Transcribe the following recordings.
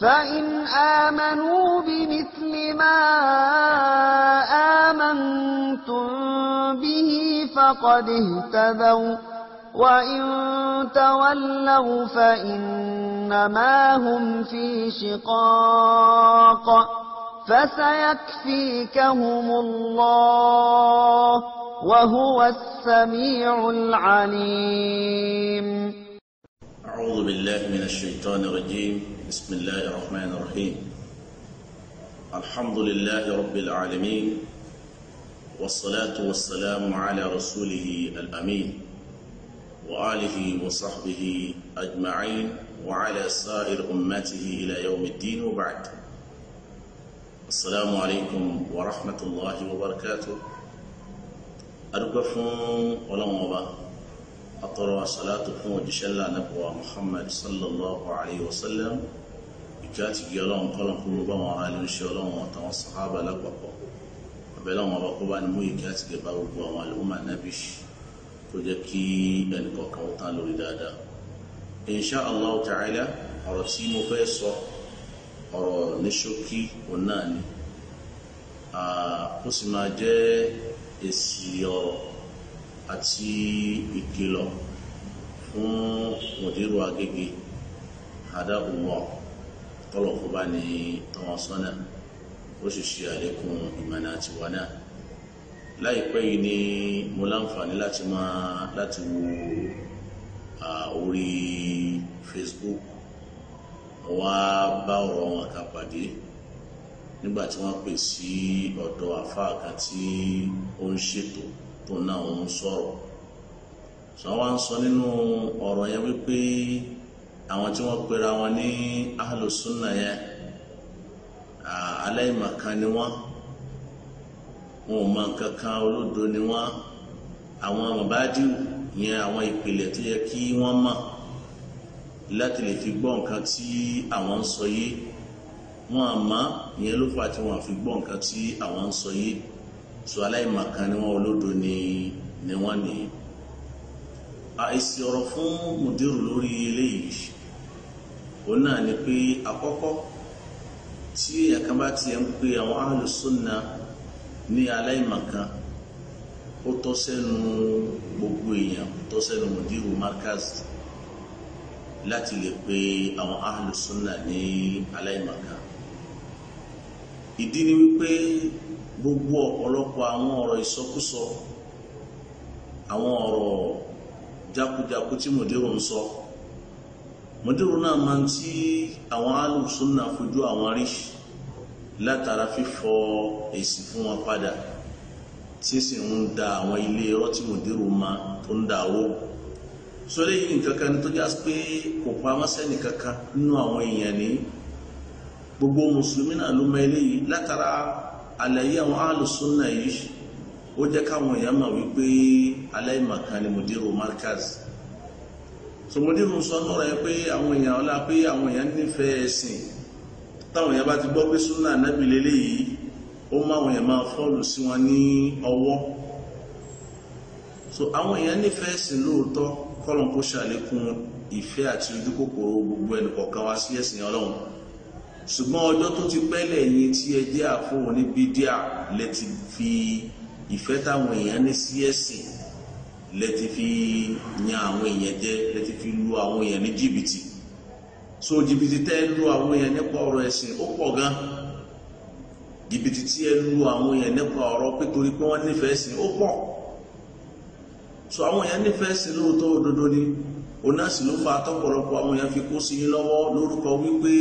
فإن آمنوا بمثل ما آمنتم به فقد اهتدوا وإن تولوا فإنما هم في شقاق فسيكفيكهم الله وهو السميع العليم أعوذ بالله من الشيطان الرجيم بسم الله الرحمن الرحيم الحمد لله رب العالمين والصلاة والسلام على رسوله الأمين وآله وصحبه أجمعين وعلى سائر أمته إلى يوم الدين وبعد السلام عليكم ورحمة الله وبركاته أرجو فون ولا وبركاته atọrọ asalatu fún òjíṣẹ́ lánàbọ̀wá muhammad sallallahu alayhi wa sallam ìjọ àti gí ọlọ́run kọ́lọ̀ kó gbogbo àwọn ará ilé ń ṣe ọlọ́run àtàwọn sàhábà lápapọ̀ ọbẹ̀ láwọn ọba kó bá ní mú ìgbé àti gẹ̀bá gbogbo àwọn àlùmọ̀ nábì kó jẹ́ kí ẹnìkọ̀ọ̀kan ó tán lórí dáadáa insha allah ta'ala ọ̀rọ̀ tí mo fẹ́ sọ ọ̀rọ̀ ní ṣókí òun náà ni ó sì máa jẹ́ èsì ọ̀rọ̀ àti ìkìlọ̀ fún mùdírù Agége àdá òmùọ tọlọ kó bá ní àwọn sọnà ó sì ṣe àlékún ìmọ̀nà àtiwá náà láìpẹ́ yìí ni mo láǹfààní láti máa láti wo orí Facebook mo wá bá ọ̀rọ̀ wọn kan pàdé nígbà tí wọ́n pè sí ọ̀dọ̀ àfáà kan tí ó ń ṣètò tó náà ń sọ̀rọ̀ sọ wá ń sọ nínú ọ̀rọ̀ yẹn wípé àwọn tí wọ́n pera wọn ní ahlùsúnà yẹn aláìmọ̀kan ni wọ́n wọn ò mọ nǹkan kan olódo ni wọ́n àwọn mọ̀bádìrù yẹn àwọn ìpìlẹ̀ tó yẹ kí wọ́n mọ̀ láti lè fi gbọ́ nǹkan tí àwọn ń sọ yìí wọn àmọ́ ìyẹn ló fà tí wọn àfi gbọ́ nǹkan tí àwọn ń sọ yìí so aláìmọ̀kan ni wọ́n olódo ni ni wọ́n ní àìsí ọ̀rọ̀ fún mùdírù lórí eléyìí òun náà ni pé àkọ́kọ́ tí ẹ̀ka bá tiẹ̀ ń pe àwọn alùsùnà ní aláìmọ̀kan ó tọ́ sẹ́nu gbogbo èèyàn ó tọ́ sẹ́nu mùdírù markaz láti lè pe àwọn alùsùnà ní aláìmọ̀kan ìdí ni wípé gbogbo ọ̀pọ̀lọpọ̀ àwọn ọ̀rọ̀ ìsọkúsọ àwọn ọ̀rọ̀ jákujáku tí mòdìrò ń sọ mòdìrò náà máa ń tí àwọn alùsùnà fojú àwọn rí látara fífọ èsì fún wọn padà tí sì ń da àwọn ilé ẹ̀rọ tí mòdìrò máa tó ń da owó sọ lẹ́yìn nǹkan kan tó já pé kò pa amásẹ́nì kankan nínú àwọn èèyàn ní gbogbo mùsùlùmí náà ló mọ eléyìí látara àlàyé àwọn alùsùnà yìí ó jẹ́ káwọn èèyàn mọ̀ wípé aláìmọ̀kan ni mùdírù markaz sọmọdéèrò sọnù rẹ pé àwọn èèyàn ọlá pé àwọn èèyàn nífẹ̀ẹ́ ẹ̀sìn táwọn èèyàn bá ti gbọ́ pé súnà ànábì lélẹ́yìí ó má àwọn èèyàn máa fọ́ọ̀lù sí wọn ní ọwọ́ so àwọn èèyàn nífẹ̀ẹ́ ẹ̀sìn lóòótọ́ kọ́lọ̀ ṣàlékún ìfẹ́ àti ojú gbogbo ẹnì wá sí ẹ̀sìn ọlọ́run ṣùgbọ́n ọjọ́ tó ti pẹ́lẹ̀ yín tí ẹ jẹ́ àfọwọ́n ní bídíà lẹ ti fi ìfẹ́ táwọn èèyàn ní sí ẹ̀sìn lẹ ti fi yan àwọn èèyàn jẹ lẹ ti fi lu àwọn èèyàn ní jìbìtì so jìbìtì tẹ́ ẹ lu àwọn èèyàn nípa ọ̀rọ̀ ẹ̀sìn ó pọ̀ gan jìbìtì tí ẹ lu àwọn èèyàn nípa ọ̀rọ̀ pé torí pé wọ́n nífẹ̀ẹ́ ẹ̀sìn ó pọ̀ so àwọn èèyàn nífẹ̀ẹ́ ẹ̀sìn lóòótọ́ òdodo ni onásì ló fa tọ́pọ̀lọpọ̀ àwọn èèyàn fi kó sí yín lọ́wọ́ lórúkọ wípé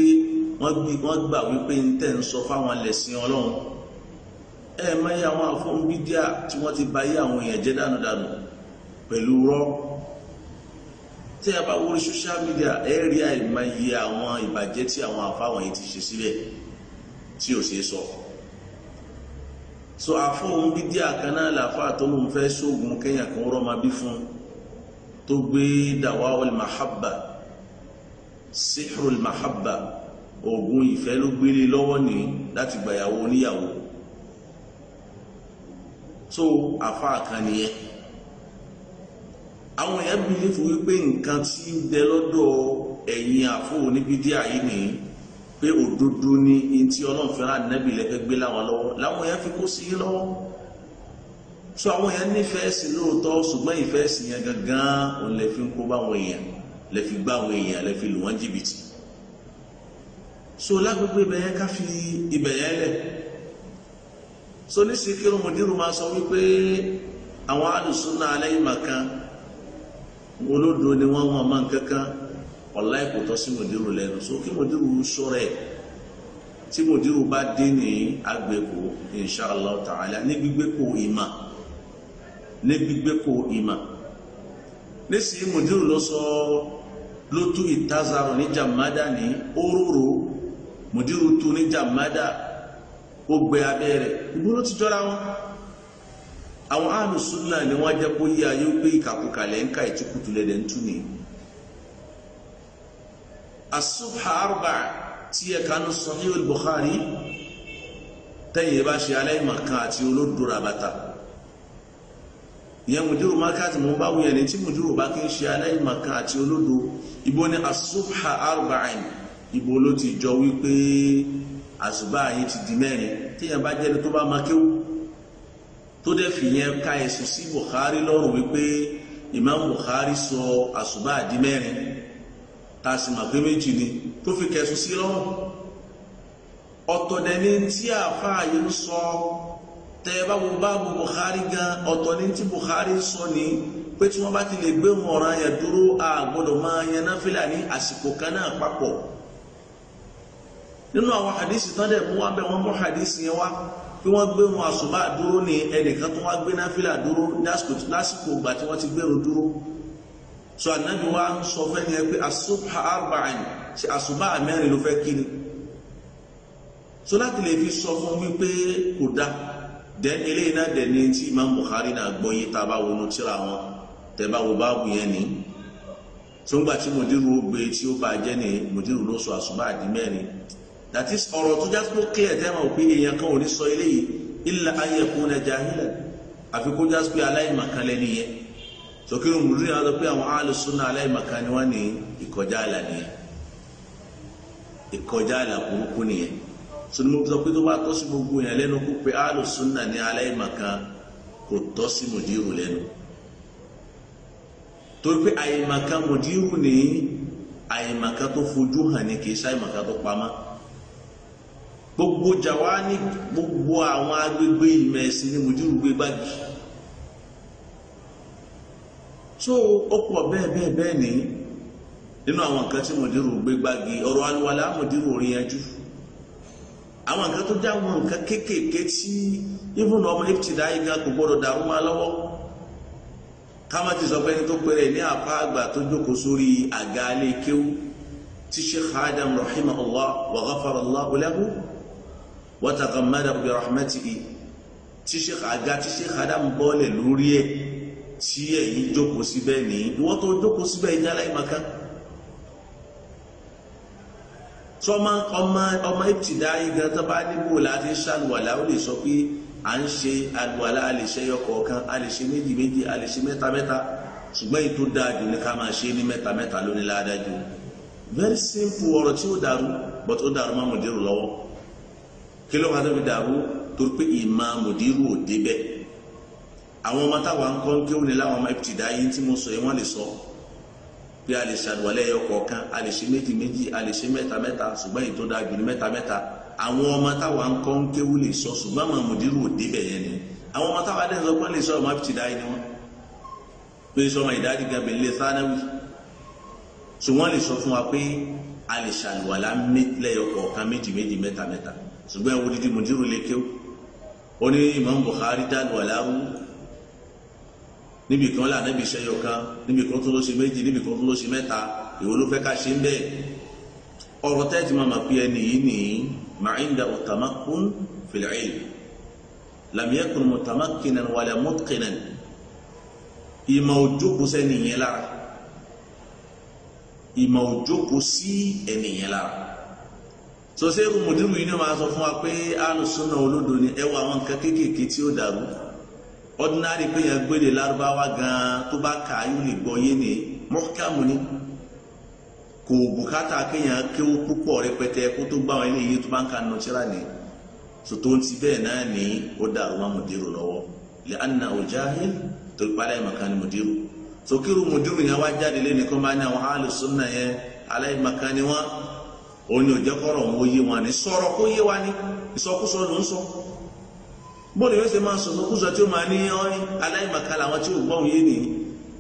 wọ́n gbà wípé ń tẹ̀ ń sọ fáwọn lẹ̀sìn ọlọ́run ẹ mẹ́yẹ àwọn àfọ́n bídíà tí wọ́n ti ba yé àwọn èèyàn jẹ́ dànùdànù pẹ̀lú rọ́ tí a bá wọlé social media ẹ rí àìmọye àwọn ìbàjẹ́ tí àwọn àfáwọn yìí ti ṣe sílẹ̀ tí ò ṣeé sọ so àfọ́n bídíà kan náà làfáà tó lóun fẹ́ sóògùn kẹ́yìn kan máa bí fún un tó gbé dawawul mahabba sihrul mahabba oògùn ìfẹ́ ló gbélé lọ́wọ́ ní láti gbàyàwó oníyàwó tó àfáà kan nìyẹn àwọn èèyàn bí lè fi wípé nǹkan tí ń bẹ lọ́dọ̀ ẹ̀yìn àfóò níbi díà yìí nìyí pé òdodo ni ntí ọlọ́run fẹ́ràn lẹ́fẹ́ gbé láwọn lọ́wọ́ láwọn èèyàn fi kó sí lọ́wọ́ so àwọn èèyàn nífẹ̀ẹ́ sí lóòótọ́ ṣùgbọ́n ìfẹ́ sí yẹn gangan òun lè fi ń kó báwọn èèyàn lè fi gbá àwọn èèyàn lè fi lù wọ́n jìbìtì so lágbègbè ibẹ̀ yẹn ká fi ibẹ̀ yẹn lẹ̀ so ní sikiru mudiru máa sọ wípé àwọn alùsùnà alẹ́ màkan olódo ni wọ́n wọ́n máa ń kankan ọ̀la ẹ̀kọ́ sí mudiru lẹ́nu so kí mudiru sọ̀rọ̀ ẹ̀ tí mudiru bá dé ní agbègbò insha Allah ní gbígbé ìmọ̀ ní gbígbé kó ìmà nísìnyí mùdírù ló sọ ló tú ìtazarọ ní jamada ní òróró mùdírù tú ní jamada ó gbé abẹ́rẹ́ ìgbóró ti jọra wọn àwọn alùsùnà ni wọ́n jẹ́ kó yí ayé pé ìkàkùkà lẹ́ńkà ìtìkùtù lẹ́dẹ̀ ń tú ni asubha arba tí ẹ kanu Sahih al-Bukhari tẹ́yìn bá ṣe aláìmọ̀kan àti olódùrà bàtà ìyẹn mùdúrù mákàtí mo bá wù yẹn ní tí mùdúrù bá kí ń ṣe aláìmọ̀kan àti olódo ibo ni asubha arba'in ibo ló ti jọ wípé àsùbá yìí ti di mẹ́rin téèyàn bá jẹ́ni tó bá máa kéwù tó dẹ̀ fi yẹn ka ẹ̀sùn sí Bukhari lọ́rùn wípé Imam Bukhari sọ àsùbá di mẹ́rin tá a sì mọ̀ pé méjì ni tó fi kẹ̀sùn sí lọ́rùn ọ̀tọ̀ dẹ̀ ni tí àáfàá yìí ń sọ tẹ ẹ bá wo báàbù Bukhari gan ọ̀tọ̀ ní tí Bukhari sọ ní pé tí wọ́n bá ti lè gbé wọn yẹn dúró a gbọ́dọ̀ máa yan náfìlà ní àsìkò kan náà papọ̀ nínú àwọn hadisi tán dẹ̀ mú wá bẹ́ẹ̀ wọ́n mú hadisi yẹn wá pé wọ́n gbé wọn àsùbá dúró ní ẹnìkan tó wá gbé náfìlà dúró lásìkò ìgbà tí wọ́n ti gbèrò dúró so anabi wa ń sọ fẹ́ ni ẹ pé asubha arba'in ṣe àsùbá mẹ́rin ló fẹ́ kiri so láti lè fi sọ fún wípé kò dáa. dẹ́n eléyìí náà dẹ̀ ní tí Imam buhari náà gbọ́ yìí a bá wọnú tíra wọn tẹ́ bá wo báàbù yẹn ni sọgbà tí mòdìrú gbé tí ó bá jẹ́ ni mòdìrú ló sọ àdí mẹ́rin that ọ̀rọ̀ tó já tó clear tẹ́ èèyàn kan ò ní sọ eléyìí já pé mòdìrú pé àwọn ni ìkọjá àlà nìyẹn sọni mo sọ pé tó bá tọ́ sí gbogbo yẹn lẹ́nu kó pe alu sunna ní aláìmọ̀kan kò tọ́ sí mòdìrú lẹ́nu torí pé àyèmọ̀kan mòdìrú ní àyèmọ̀kan to fojú hàn ní kì í sáyèmọ̀kan tó pamọ́ gbogbo jawani gbogbo awon agbegbe ìmọ̀ ẹ̀sìn ni mòdìrú gbe gbagi so ó pọ̀ bẹ́ẹ̀ bẹ́ẹ̀ bẹ́ẹ̀ ní nínú àwọn nǹkan tí mòdìrú gbé gbági ọ̀rọ̀ aluwalá mòdìrú ò rí yanjú. àwọn nǹkan tó já wọn nǹkan kéékèèké tí even ọmọ ìpìtìdá yìí gan kò gbọdọ̀ dàrú máa lọ́wọ́ káma ti sọ pé ẹni tó péré ní àpá àgbà tó jókòó sórí àga alẹ́ kéwú tí sheikh adam rahimahullah wa ghafarallahu lahu wa taqammadahu bi rahmatihi tí sheikh aga tí sheikh adam bọ́ọ̀lẹ̀ lórí ẹ̀ tí ẹ̀yin jókòó síbẹ̀ nìyí ìwọ́n tó jókòó síbẹ̀ ìjálá ìmọ̀kan. tí ọmọ ọmọ ọmọ ìtìdá igi tó bá níbò láti ṣàlùwàlà ó lè sọ pé à ń ṣe àlùwàlà a lè ṣe ẹyọkọ̀ọ̀kan a lè ṣe méjì méjì a lè ṣe mẹ́ta mẹ́ta ṣùgbọ́n èyí tó dáa jù ní ká máa ṣe ní mẹ́ta mẹ́ta lónìí ládájú very simple ọ̀rọ̀ tí ó dàrú but ó dàrú má mùdírù lọ́wọ́ kí ló máa tóbi dàrú torí pé ìmọ̀ mùdírù ò débẹ̀ àwọn ọmọ táwa ń kọ́ ń kéwòn ní pé a lè ṣàdùwálẹ̀ ẹyọ kọ̀ọ̀kan a lè ṣe méjì méjì a lè ṣe mẹ́ta mẹ́ta ṣùgbọ́n èyí tó dáa jù ní mẹ́ta mẹ́ta àwọn ọmọ táwa ń kọ́ ń kéwú lè sọ ṣùgbọ́n àwọn mùdírù òde bẹ̀ yẹn ni àwọn ọmọ táwa dẹ́n sọ pé lè sọ ọmọ fìtì dáì ni wọ́n pé sọ ọmọ ìdájí gan lè sánáwì ṣùgbọ́n lè sọ fún wa pé a lè ṣàlùwàlá lẹ́yọ kọ̀ọ̀kan níbi kan là níbi iṣẹ́ yọ kan níbi kan tó ló ṣe méjì níbi kan tó ló ṣe mẹ́ta ìwọ ló fẹ́ ká ṣe ń bẹ́ẹ̀ ọ̀rọ̀ tẹ́tí máa máa fi ẹni yìí nìyí màá ń da òtàmákùn fìlẹ́ẹ̀lì làmìẹ́kùn mùtàmákìnà wàlẹ̀ mùtìkìnà ìmọ̀ òjókòó sẹ́ni yẹn lára ìmọ̀ òjókòó sí ẹni yẹn lára sọ́sẹ́ ìrùmùdìrú yìí ni wọ́n máa sọ fún wa pé alùsùnà olódo ni ẹ wọ àwọn nǹkan kéékèèké tí ó dàrú ordinary pé yẹn gbélé lárúbáwá gan tó bá kà á yóò lè gbọ́ yé ni mọ́kàmù ni kò bùkátà kéèyàn kéwú púpọ̀ rẹpẹtẹ kó tó gbá wọn eléyìí tó bá ń ka nọ̀tíra ni sòtó ti bẹ́ẹ̀ náà ni ó dàrú mọ́ mùdírù lọ́wọ́ lè anna al-jahil torí pálá ìmọ̀ kan ni mùdírù sokiru mùdírù yẹn wá jáde lé nìkan bá ní àwọn ahlu sunna yẹn aláìmọ̀kan ni wọ́n òun ni òjẹ́kọ̀rọ̀ òun ó yé wọn ni sọ̀rọ̀ kó yé wa ni ìsọkúsọ ló ń sọ bóni yóò ṣe máa sọ̀tọ̀ kúsọ tí ó máa ní ọrin aláìmọ̀kan làwọn tí ò gbọ́n yé nìyí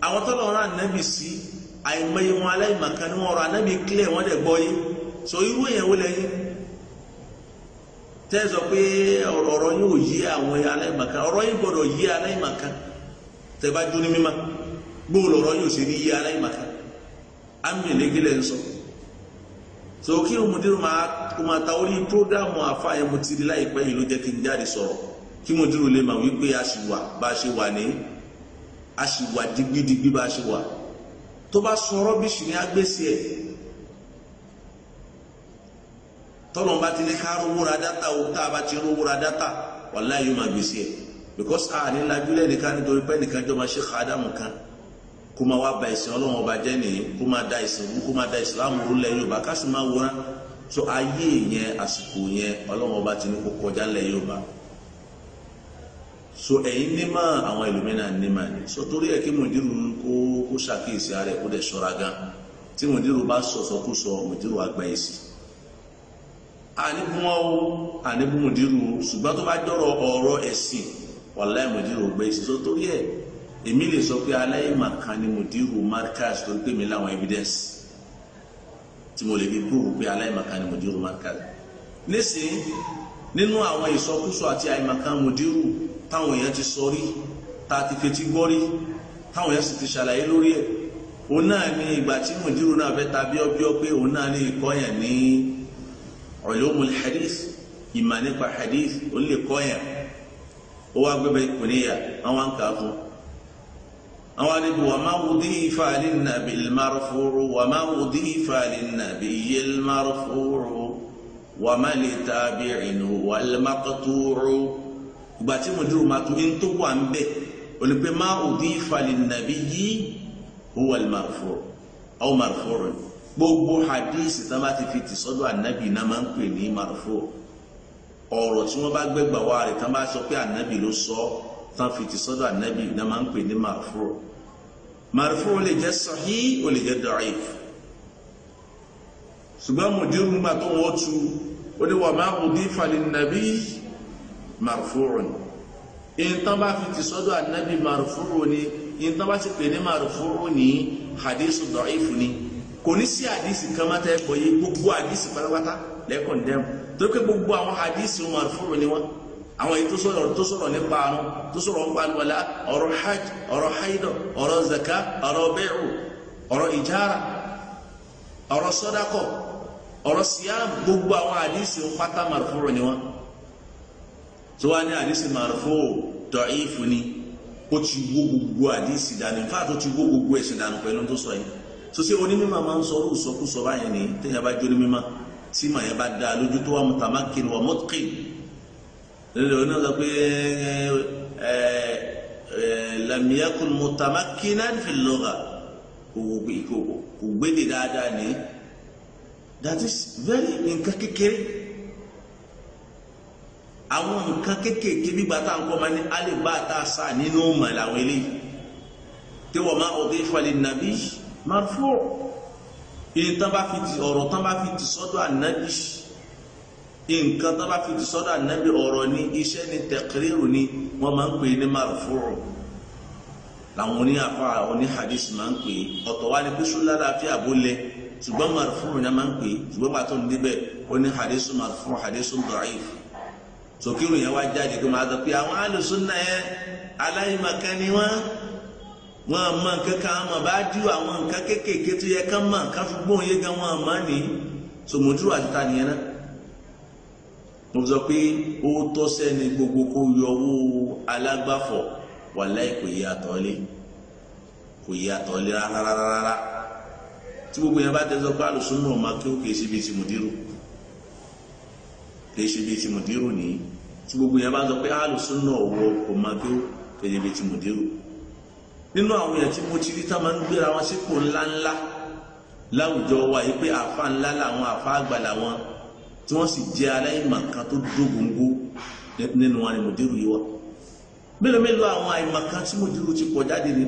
àwọn tọ́lọ̀ ọ̀rọ̀ ànábì sí àìmọye wọn aláìmọ̀kan ni wọn ọ̀rọ̀ ànábì clear wọn dẹ̀ gbọ́ yé so irú èèyàn wo lẹ́yìn tẹ́ ẹ sọ pé ọ̀rọ̀ yín ò yé àwọn aláìmọ̀kan ọ̀rọ̀ yín gbọ́dọ̀ yé aláìmọ̀kan tẹ́ bá dún ní mímọ́ gbóòlù ọ̀rọ̀ yín ò so kí òmùdírò máa ta orí prógráàmù àfáàyẹmù tìrí láìpẹ́ yìí ló kí mo dúró lè mà wípé a ṣì wà bá a ṣe wà ní a ṣì wà digbidigbi bá a ṣe wà tó bá sọ rọ́bìṣì ní agbésí ẹ̀ tọ́lọ̀ bá ti ní ká ra dátà o tá a bá ti rówó ra dátà wàláhì yóò máa gbèsè ẹ̀ because a ní labilẹ̀ nìkan nítorí pé nìkan jọ máa ṣe kádàmù kan kó máa wá ba ìsìn ọlọ́run ọba jẹ́ nìyí kó máa da ìsìn wú kó máa da ìsìlámù rú lẹ̀ Yorùbá ká sì máa wúra so ayé yẹn àsìkò yẹn ọlọ́run ọba ti ní kó kọjá lẹ̀ Yorùbá so ẹ̀yin nímọ̀ àwọn ẹlòmínà nímọ̀ ni so torí ẹ̀ kí mòdìrú kó kó ṣàkíyèsí ara ẹ̀ kó dẹ̀ ṣọ́ra gan tí mòdìrú bá sọ̀sọ̀ kó sọ mòdìrú àgbà yìí sí àníbùmọ̀ o àníbùmòdìrú ṣùgbọ́n tó bá dọ̀rọ̀ ọ̀rọ̀ ẹ̀sìn wàláì mòdìrú gbé sí so torí ẹ̀ èmi lè sọ pé aláìmọ̀ kan ni mòdìrú markaz torí pé mi láwọn evidence tí mo lè fi prove pé aláìmọ̀ ni mòdìrú markaz nísìnyí nínú àwọn ìsọkúsọ àti àìmọ̀ mòdìrú táwọn èèyàn ti sọ rí tá a ti fetí gbọ́ rí táwọn èèyàn sì ti ṣàlàyé lórí ẹ̀ òun náà ni ìgbà tí mùdírù náà fẹ́ ta bíọ́bíọ́ pé òun náà ní ìkọ́ yẹn ní ulumul hadith ìmà nípa hadith òun lè kọ́ yẹn ó wá gbẹ́bẹ́ kùnìyà àwọn àǹkà fún àwọn àdìgbò wà máa wù dí ifá àlìnàbí ilmárùfúrú wà máa wù dí ifá àlìnàbí iye ilmárùfúrú wà má lè tàbí ìnù wà ilmákàtúrú ìgbà tí mo dúró máa tún in tó wà ń bẹ olùpẹ máa òdi ìfàlẹ nàbí yìí huwa al-marfu aw marfu'un gbogbo hadisi tá a bá ti fi tì sọ́dọ̀ ànábì náà máa ń pè ní marfu' ọ̀rọ̀ tí wọ́n bá gbẹ́gbà wá rẹ̀ tán bá sọ pé ànábì ló sọ tán fi ti sọ́dọ̀ ànábì náà máa ń pè ní màrúfú màrúfú ó lè jẹ́ sọ̀hí ó lè jẹ́ ṣùgbọ́n mùdírù nígbà tó wọ́n tu ó ní wà máa kù ní falẹ̀ nàbí marfu'un ìntàn bá fi ti sọ́dọ̀ ànábì marfu'un ni ìntàn bá ti pè ní marfu'un ni hadith dọ̀ìfù ni kò ní sí hadith kan má tẹ́ gbọ́ yé gbogbo hadith pátápátá lẹ́kọ̀ọ́ dẹ́mu torí pé gbogbo àwọn hadith marfu'un ni wọ́n àwọn èyí tó sọ̀rọ̀ tó sọ̀rọ̀ nípa àrùn tó sọ̀rọ̀ nípa àlùwàlá ọ̀rọ̀ hajj ọ̀rọ̀ haidọ̀ ọ̀rọ̀ zaka ọ̀rọ̀ bẹ́ẹ̀rù ọ̀rọ̀ ìjára ọ̀rọ̀ sọ́dákọ̀ ọ̀rọ̀ síyá gbogbo àwọn àdìsí ń pátá màrúfúrò tí wọ́n á ní àdísì màrúfò dọ̀ífù ni ó ti wó gbogbo àdísì dànù fáàtó ti wó gbogbo ẹ̀sìn dànù pẹ̀lú tó sọ yìí sọsẹ onímọ̀ máa ń sọ̀rọ̀ ìsọkúsọ báyẹn ni téèyàn bá jóni mímọ́ tí màá yẹn bá da lójú tó wà mutamakin wà mutqin lórí ọ̀nà sọ pé ẹ ẹ lam yakun mutamakinan fil lugha kò gbé dáadáa ni that is very nǹkan kékeré àwọn nǹkan kéékèèké bí gbàtà ń kọ́ máa ní alẹ́ bá a ta sá nínú mọ̀ làwọn eléyìí tí wọ́n máa ọ̀gá ìfọ̀lẹ̀ nàbí máa fọ́ ìyẹn tán bá fi ti ọ̀rọ̀ tán bá fi ti sọ́dọ̀ ànábì nǹkan tán bá fi ti sọ́dọ̀ ànábì ọ̀rọ̀ ni iṣẹ́ ni tẹ̀kírìrù ni wọ́n máa ń pè é ní máa fọ́ làwọn oníhàfà oníhàdís máa ń pè é ọ̀tọ̀ wá ní pẹ́sù lálàáfíà bó lẹ ṣùgbọ́n màrúfù ni a máa ń pè é ṣùgbọ́n bàtọ́ ní sòkèrò yẹn wá jáde kó máa sọ pé àwọn alùsùnà yẹn aláìmọ̀kan ni wọ́n wọn mọ nǹkan kan wọn bá dú àwọn nǹkan kékèké tó yẹ kán mọ nǹkan fi gbóhùn yé gan wọn to ni sòmùdúró àti ta nìyẹn náà mo sọ pé ó tọ́ sẹ́ni gbogbo kó yọ owó alágbàfọ̀ wàláì kò yí àtọ́lé kò yí àtọ́lé rárá rárá tí gbogbo yẹn bá tẹ́ sọ pé alùsùnà kí ó kè é kì í ṣe bíi ti mùdírù nìyí tí gbogbo yẹn bá sọ pé alùsùn náà wọ kò máa tó kì í ṣe bíi ti mùdírù nínú àwọn yẹn tí mo ti rí tá ń gbéra wọn sípò ńláńlá láwùjọ wa yìí pé àfa ńlá làwọn àfa àgbà làwọn tí wọ́n sì jẹ́ aláìmọ̀kan tó dógóńgó nínú wọn ni mùdírù yìí wà mélòó mélòó àwọn àìmọ̀kan tí mùdírù ti pọ̀ jáde ni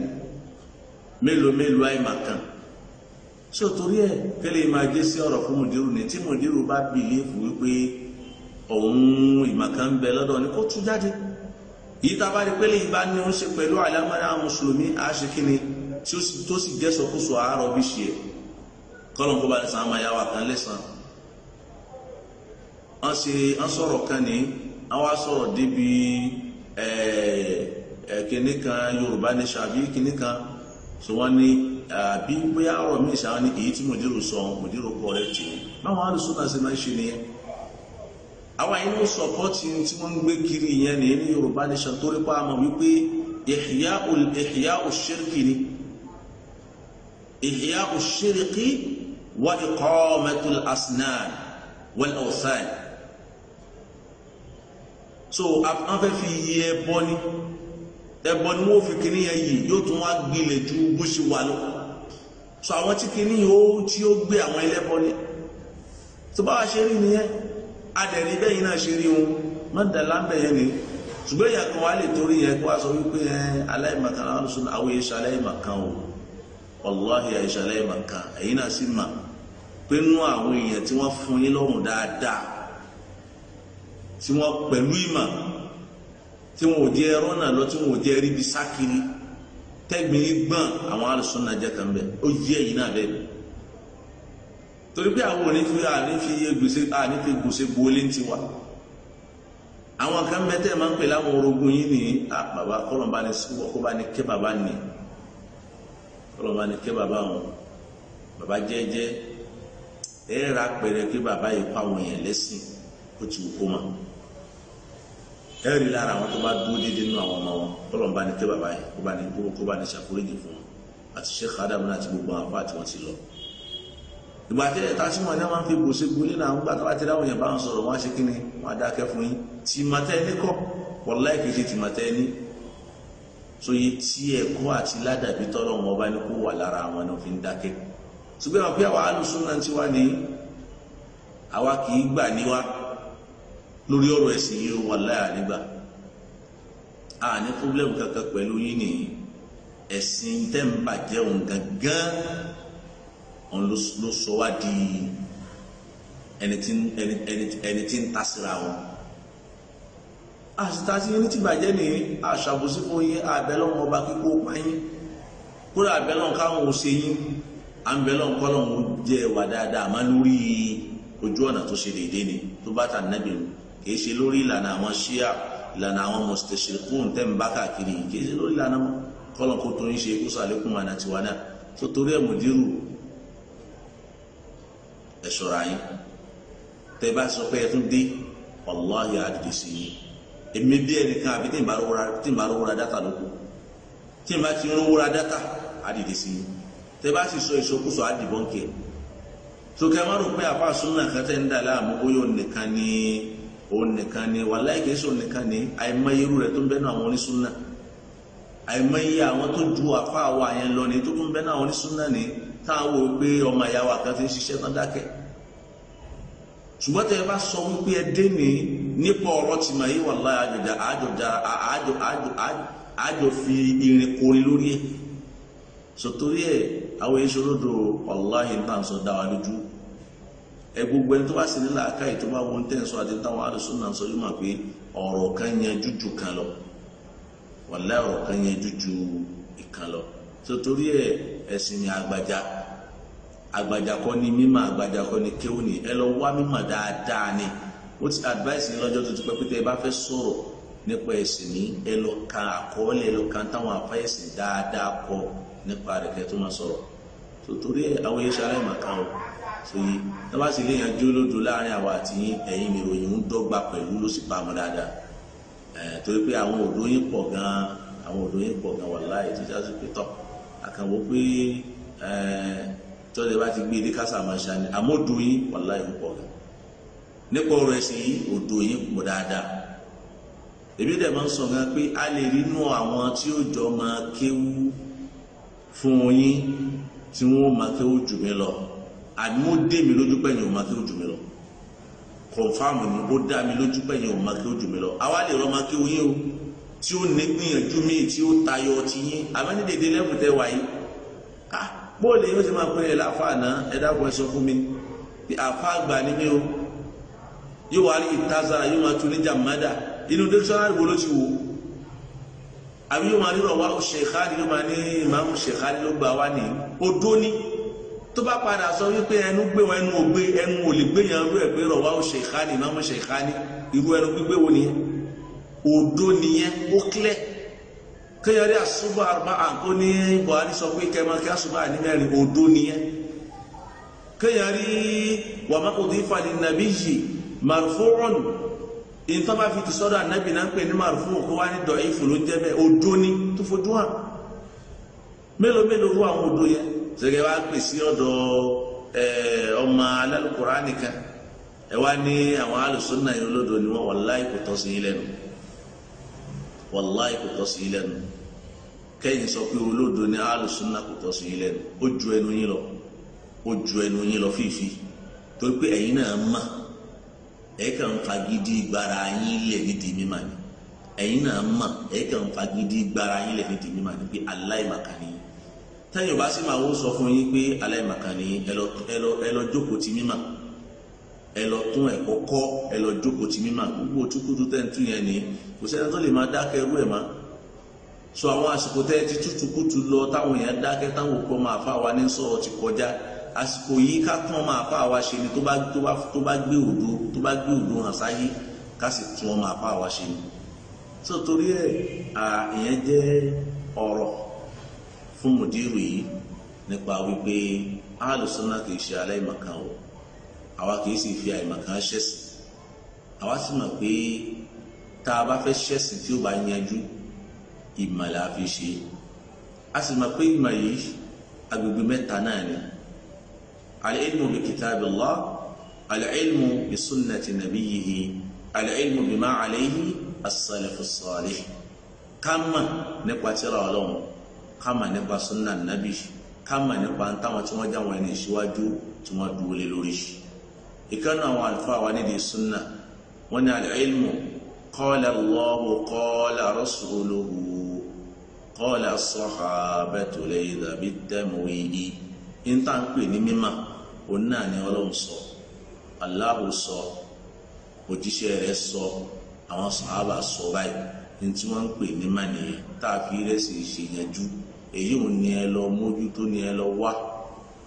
mélòó mélòó àìmọ̀kan sọ torí ẹ kẹlẹ máa jẹ ọ̀rọ̀ fún mùdírù ni tí mùdírù bá bìlífù wípé òun ìmọ̀kan ń bẹ lọ́dọ̀ ni kó tú jáde yìí tá a bá rí pé léyìí ó ń ṣe pẹ̀lú àlámọ́ra mùsùlùmí àṣekínni tó sì jẹ́ sọkúsọ àárọ̀ bí ṣe ẹ̀ kọ́lọ̀ kó kan lẹ́sàn án ṣe án sọ̀rọ̀ kan ní àwọn asọ̀rọ̀ débi kìnní kan Yorùbá ní ṣàbí kìnní kan ní àbí bóyá ọ̀rọ̀ ní èyí àwọn inú sọ̀pọ́tì tí wọ́n ń gbé kiri yẹn ní ní Yorùbá nation torí pa àmọ́ wípé ìhìyà òṣèrìkì ni ìhìyà òṣèrìkì wà iqamatul asnan wal awthan so wọ́n fẹ́ fi yí ẹbọ ni ẹbọ ni wọ́n fi kíní yẹn yìí yóò tún wá gbilẹ̀ ju bó ṣe wà lọ so àwọn tí kíní yìí ó tí ó gbé àwọn ẹlẹ́bọ ni tó bá ṣe rí nìyẹn adẹ̀rí bẹ́yìn náà ṣe rí wọn mọ́tàlá ń bẹ̀yẹn ni ṣùgbọ́n èèyàn kan wà lè torí yẹn kó wá sọ wípé aláìmọ̀kan láwọn sùn àwọn èèyàn aláìmọ̀kan o wàláhì àìsàn aláìmọ̀kan ẹ̀yìn náà sì mà pé nú àwọn èèyàn tí wọ́n fún yín lọ́rùn dáadáa tí wọ́n pẹ̀lú ìmọ̀ tí wọn ò jẹ́ ẹrọ náà lọ tí wọn ò jẹ́ ríbi sákiri tẹ́gbìn gbọ́n àwọn alùsùn náà jẹ́ kàn bẹ́ẹ̀ ó yẹ ẹ̀yìn bẹ́ẹ̀ torí pé àwọn òní fi àní fi egbèsè àní fi egbèsè bu olé ti wà àwọn kan bẹ máa ń pè láwọn orogún yìí ní bàbá kọlọmba ni kọlọmba ni kẹ bàbá ni kọlọmba ni kẹ bàbá wọn bàbá jẹ́jẹ́ ẹ ra pẹrẹ kí bàbá yìí pa àwọn èèyàn lẹ́sìn ó ti wù kó ma ẹ rí lára àwọn tó bá dúró dídí nínú àwọn ọmọ wọn kọlọmba ni kẹ bàbá yìí kó bá ní kó bá ní ṣàforíjì fún wọn àti Sheikh náà àti gbogbo àwọn àti wọn ti lọ. ìgbà tí ẹ̀ta tí wọ́n ní wọ́n fi gbòṣe gbolé náà ń gbà tó bá ti ráwọ̀ yẹn bá ń sọ̀rọ̀ wọ́n á ṣe kí ni wọ́n á so tí ẹ̀kọ́ àti ládàbí tọ́lọ̀ wọn bá ní kó wà lára dákẹ́ ṣùgbọ́n àwọn pé àwa alùsùn náà ti wá ní àwa kì a kankan pẹ̀lú yín òun ló sọ wá di ẹni tí ẹni ẹni ẹni tí ń ta síra wọn àṣìta sí yín ní tìbàjẹ́ ní àṣàbòsí fún yín àbẹ̀lọ́wọ́n ọba kíkó pa yín kódà àbẹ̀lọ́wọ́n káwọn ò ṣe yín àbẹ̀lọ́wọ́n kọ́lọ́wọ́n jẹ́ wà dáadáa àmọ́ lórí ojú ọ̀nà tó ṣe déédéé ni tó bá tà nẹ́bìn kì í ṣe lórí ìlànà àwọn ṣíà ìlànà àwọn mustashriqun tẹ́ǹbá káàkiri kì ṣe lórí ìlànà kọ́lọ́kó tó ń ṣe kó sàlékún àná ẹ ṣọ́ra yín tẹ bá sọ pé ẹ tún dé wàláhì àdìdì sí i èmi bí ẹnìkan àbí tí n bá rówóra tí n bá rówóra dátà ló kù tí n bá ti rówóra dátà àdìdì sí i tẹ bá sì sọ ìsọkúsọ àdìbọn kẹ sókè má rò pé àfa súnà kan tẹ ń dà láàmú bóyá òun nìkan ni òun nìkan ni wàláhì kìí sọ nìkan ni àìmọye irú rẹ tó ń bẹnu àwọn onísúnà àìmọye àwọn tó ju àfa àwa yẹn lọ ni tó tún bẹnu àwọn onísúnà ni. táwọn wò pé ọmọ ìyàwó wa kan ti ń ṣiṣẹ́ tán dákẹ́ ṣùgbọ́n tẹ́ ẹ bá sọ wípé ẹ dé ní nípa ọ̀rọ̀ tí màá yí wà àjòjà àjòjà àjò àjò àjò fi irin korin lórí ẹ̀ àwọn ń sọ lójú ẹ gbogbo ẹni tó bá sì ní làákàyè tó bá ń àti táwọn àdùsùn náà sọ yóò máa ọ̀rọ̀ kan ẹ̀sìn ni àgbàjá àgbàjá kọ́ ni mímọ̀ àgbàjá kọ́ ni kéwù ni ẹ lọ dáadáa ni ó ti advice ní lọ́jọ́ tuntun pé pété ẹ bá fẹ́ sọ̀rọ̀ nípa ẹ̀sìn ní ẹ lọ ka àkọọ́lẹ̀ ẹ lọ ka táwọn afá ẹ̀sìn dáadáa kọ nípa rẹ̀ kẹ́ tó máa sọ̀rọ̀ tó torí àwọn iṣẹ́ aláìmọ̀ kan o tó yí ẹ bá sì léèyàn jó lódò láàrin àwa àti ẹ̀yin ìròyìn ń dọ́gba pẹ̀lú ló sì pamọ́ dáadáa torí pé àwọn òdòyìn pọ̀ gan-an àwọn òdòyìn pọ̀ gan-an wà tó já sí pé tọ̀ àkànwó pé tọ́lẹ̀ bá ti gbé ilé kásá máa ṣá ni àmọ́ odò yín wàláhì ń pọ̀ gan nípa ọ̀rọ̀ ẹ̀sìn yìí odò yín pọ̀ dáadáa èmi dẹ̀ máa ń sọ gan pé a lè rí nù àwọn tí ó jọ máa kéwú fún yín tí wọ́n máa kéwú jù mí lọ àbí mi lójú pẹ̀yìn ò máa kéwú jù mí lọ kọ̀ǹfàmù ni ó dá mi lójú pẹ̀yìn ò máa kéwú jù mí lọ àwa lè rọ́ máa kéwú yín o tí ó ní gbìyànjú míì tí ó tayọ ti yín àmọ́ ní dèdè lẹ́kùn tẹ́ wáyé ah bóòlù yóò ti máa pín ẹ̀ láfàá náà ẹ dákun sọ fún mi àfa àgbà ni mí o yóò wá rí ìtaza yóò máa tún ní jàmádà inú dẹ́kítọ́rì wo ló ti wò àbí yóò máa rírọ̀ wá ṣèkárì yóò máa ní ìmáàmù ṣèkárì ló gbà wá ní odó ní tó bá padà sọ wípé ẹnu gbé wọn ẹnu ò gbé ẹnu ò lè gbé yẹn rú ẹ pé rọ̀ wá ṣèkárì ìmáàmù ṣèkárì irú ẹnu gbígbé wo nìyẹn. òdo nìyẹn ó kílẹ̀ kéèyàn rí àsùbà àǹkó ní Buhari sọ pé kẹmọ kí àsùbà ní mẹ́rin òdo nìyẹn kéèyàn rí nàbí yìí marfu'un ìtọ́ba fi ti sọ́dọ̀ ànábì náà ń pè ní marfu'un kó wá ní dọ̀ ìfòló jẹ́ bẹ́ẹ̀ ni tó fojú hàn mélòó mélòó àwọn yẹn wá pè sí ọ̀dọ̀ ọmọ wàláì kò tọ́ sí yín lẹ́nu kẹ́yìn sọ pé olódo ní alùsùnà kò tọ́ sí yín lẹ́nu ó ju ẹnu yín lọ ó ju ẹnu yín lọ fífi torí pé ẹ̀yin náà mà ẹ̀yin kàn ń fagídí gbára yín lẹ̀ nídìí mímà ni ẹ̀yin náà mà ẹ̀yin kàn ń fagídí yín lẹ̀ nídìí mímà ni pé aláìmàkà ni tẹ́yìn ò bá sì máa sọ fún yín pé aláìmàkà ni ẹ lọ jókòó ti mímà ẹ lọ tún ẹ̀kọ́ kọ́ ẹ lọ jókòó tì mímà gbogbo túkútú tẹ́ ń tún yẹn ni kò sẹ́ni tó lè máa dákẹ́ irú ẹ̀ má so àwọn àsìkò tẹ́ ti tútùkútù lọ táwọn èèyàn dákẹ́ táwọn òkú ọmọ àfa wa ní sọ̀rọ̀ ti kọjá àsìkò yìí ká tún ọmọ àfa wa ṣe ni tó bá gbé òdo tó bá gbé òdo hàn sáyé ká sì tún ọmọ àfa wa ṣe ni so torí ẹ̀ à ìyẹn jẹ́ ọ̀rọ̀ fún mùdírù yìí nípa wípé alùsùnà kì í ṣe aláìmọ̀kan o àwa kì í sì fi àìmọ̀ kan ṣẹ̀sìn àwa sì mọ̀ pé tá a bá fẹ́ ṣẹ̀sìn tí ó bá yanjú ìmọ̀ là á fi ṣe a sì mọ̀ pé ìmọ̀ yìí agbègbè mẹ́ta náà ni al-ilmu bi kitabillah al-ilmu bi sunnati nabiyyihi al-ilmu bima alayhi as-salafu as nípa tírà ọlọ́run ká nípa sunna nabi ká nípa táwọn tí wọ́n jáwọn ẹni ìṣíwájú tí wọ́n dúró lé lórí ṣe ìkànnì àwọn àlùfáà wa nídìí súnà wọn ni al-ilmu qala Allahu qala rasuluhu qala as-sahabatu laysa bit-tamwili níta ń pè ní mímọ̀ òun náà ni ọlọ́run sọ Allahu sọ òjíṣẹ́ rẹ̀ sọ àwọn sàhábà sọ báyìí ní tí wọ́n ń pè ní mànìyàn tá fi rẹ̀ sì ṣèyànjú èyí ò ní ẹ lọ mójútó ní ẹ lọ wá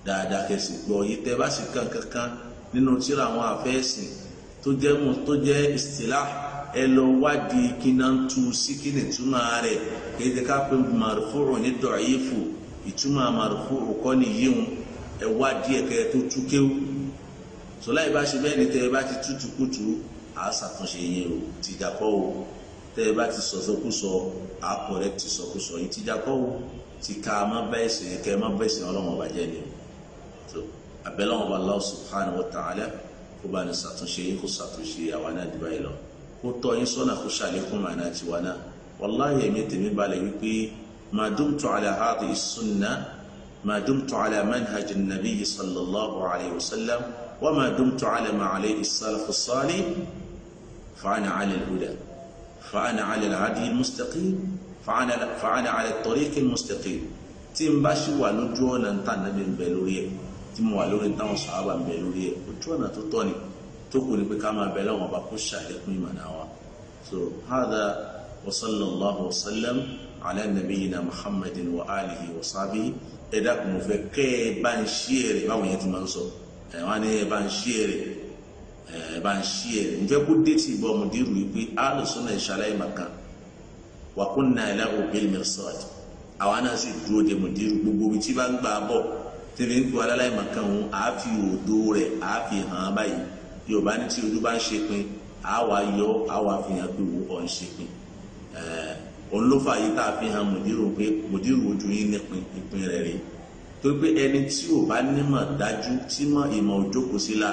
dáadáa kẹsì gbọ́ yìí tẹ́ bá sì kàn kankan nínú tíra àwọn àfẹ́sìn tó jẹ́ mú tó jẹ́ ìsìlá ẹ lọ wádìí kí náà ń tu sí kí ni ìtumọ̀ rẹ̀ kí ẹ ká pé màrúfúrò ní dọ̀ọ́yẹ́fù ìtumọ̀ màrúfúrò kọ́ nìyí ń ẹ wádìí ẹ̀kẹ́ tó tú kéwù sọlá ìbá ṣe bẹ́ẹ̀ ni tẹ́ ẹ bá ti tútù kùtù àá ṣàtúnṣe yẹn o tìjàpọ̀ o tẹ́ ẹ bá ti sọ̀sọ́kùsọ àá correct ti sọ̀kùsọ yìí tìjàpọ̀ o ti má bá ẹ̀sìn ẹ̀kẹ́ má bá ẹ̀sìn ọlọ́mọba jẹ́ ni o abẹ́lẹ́wọ̀n bá Allah subhanahu wa ta'ala kó bá ní ṣàtúnṣe yín kó ṣàtúnṣe àwa náà dìbà yìí lọ kó tọ́ yín sọ́nà kó ṣàlékún màánà tiwa náà wàláhì ẹ̀mí tèmi balẹ̀ wípé ma dumtu ala hadhihi sunna ma dumtu ala manhaj an-nabiy sallallahu alayhi wa sallam wa ma dumtu ala ma alayhi as-salaf as-salih fa ana ala al-huda fa ana ala tí n bá ṣì wà lójú ọ̀nà ń tà nábì ń lórí ẹ̀ tí mo wà lórí táwọn sàábà ń bẹ lórí ẹ̀ ojú ọ̀nà tó tọ́ ni tó kù ni pé ká máa bẹ láwọn ọba kó ṣàlékún ìmọ̀nà wa so hada wasallallahu wasallam ala nabiyina Muhammad wa alihi wa sahbihi ẹ dákun mo fẹ́ kẹ́ ẹ bá ń ṣí èrè báwọn yẹn ti máa ń sọ ẹ wá ní ẹ bá ń ṣí èrè ẹ bá ń ṣí èrè ǹjẹ́ kó dé ìbọn ọmọdé rù yí pé alùsùn náà ìṣàlẹ̀ ìmọ̀kan wà kó nà bẹ́ẹ̀ mẹ́sàn-án àwa náà sì dúró de mọ̀dé rù gbogbo ibi tí bá ń gbà bọ̀ tẹ̀lé ń tu aláláì màkàn òun àá fi òdo rẹ̀ àá fi hàn án báyìí yorùbá ní tí ojú bá ń ṣe pin àá wá yọ àá wá fi hàn pé òun ọ̀ ń ṣe pin òun ló fààyè tá a fi hàn mùdírù pé mùdírù ojú yín nípin ìpín rẹ̀ rèé torí pé ẹni tí ò bá nímọ̀ dájú tí mọ̀ ìmọ̀ òjókòó sí la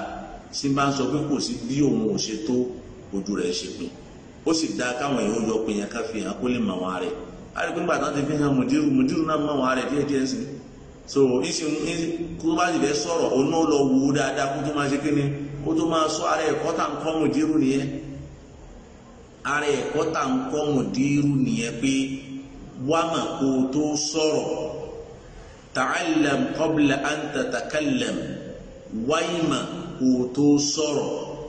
tí bá ń sọ pé kò sí bí òun ò ṣe tó ojú rẹ̀ ṣe ó sì dáa káwọn èèyàn yọ pin yẹn ká fi hàn kó lè mọ̀ wọn rẹ̀ á pé nígbà tí ti fi hàn mùdírù mùdírù náà mọ̀ wọn rẹ̀ díẹ̀díẹ̀ sí i so isi kó tó bá ti fẹ́ sọ̀rọ̀ òun náà lọ wò dáadáa kó tó máa ṣe kíni sọ ara ẹ̀kọ́ tá ń kọ́ mùdírù nìyẹn ara ẹ̀kọ́ tá ń kọ́ mùdírù nìyẹn pé wàmà kó tó sọ̀rọ̀ ta'allam qabla an tatakallam wáyìmà kó tó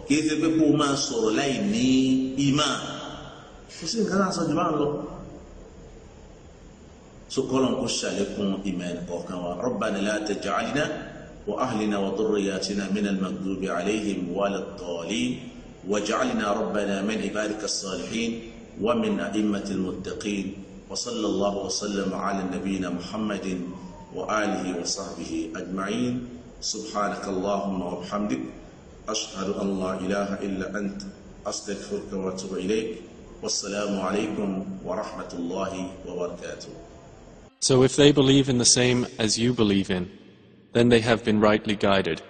pé kó máa láì ní kò sí nǹkan sọ jù bá ń سكولا قش لكم إيمان قوكم ربنا لا تجعلنا وأهلنا وذرياتنا من المكذوب عليهم ولا الضالين واجعلنا ربنا من عبادك الصالحين ومن أئمة المتقين وصلى الله وسلم على نبينا محمد وآله وصحبه أجمعين سبحانك اللهم وبحمدك أشهد أن لا إله إلا أنت أستغفرك وأتوب إليك والسلام عليكم ورحمة الله وبركاته So if they believe in the same as you believe in, then they have been rightly guided.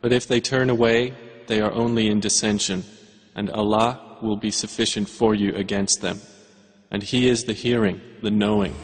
But if they turn away, they are only in dissension, and Allah will be sufficient for you against them. And He is the hearing, the knowing.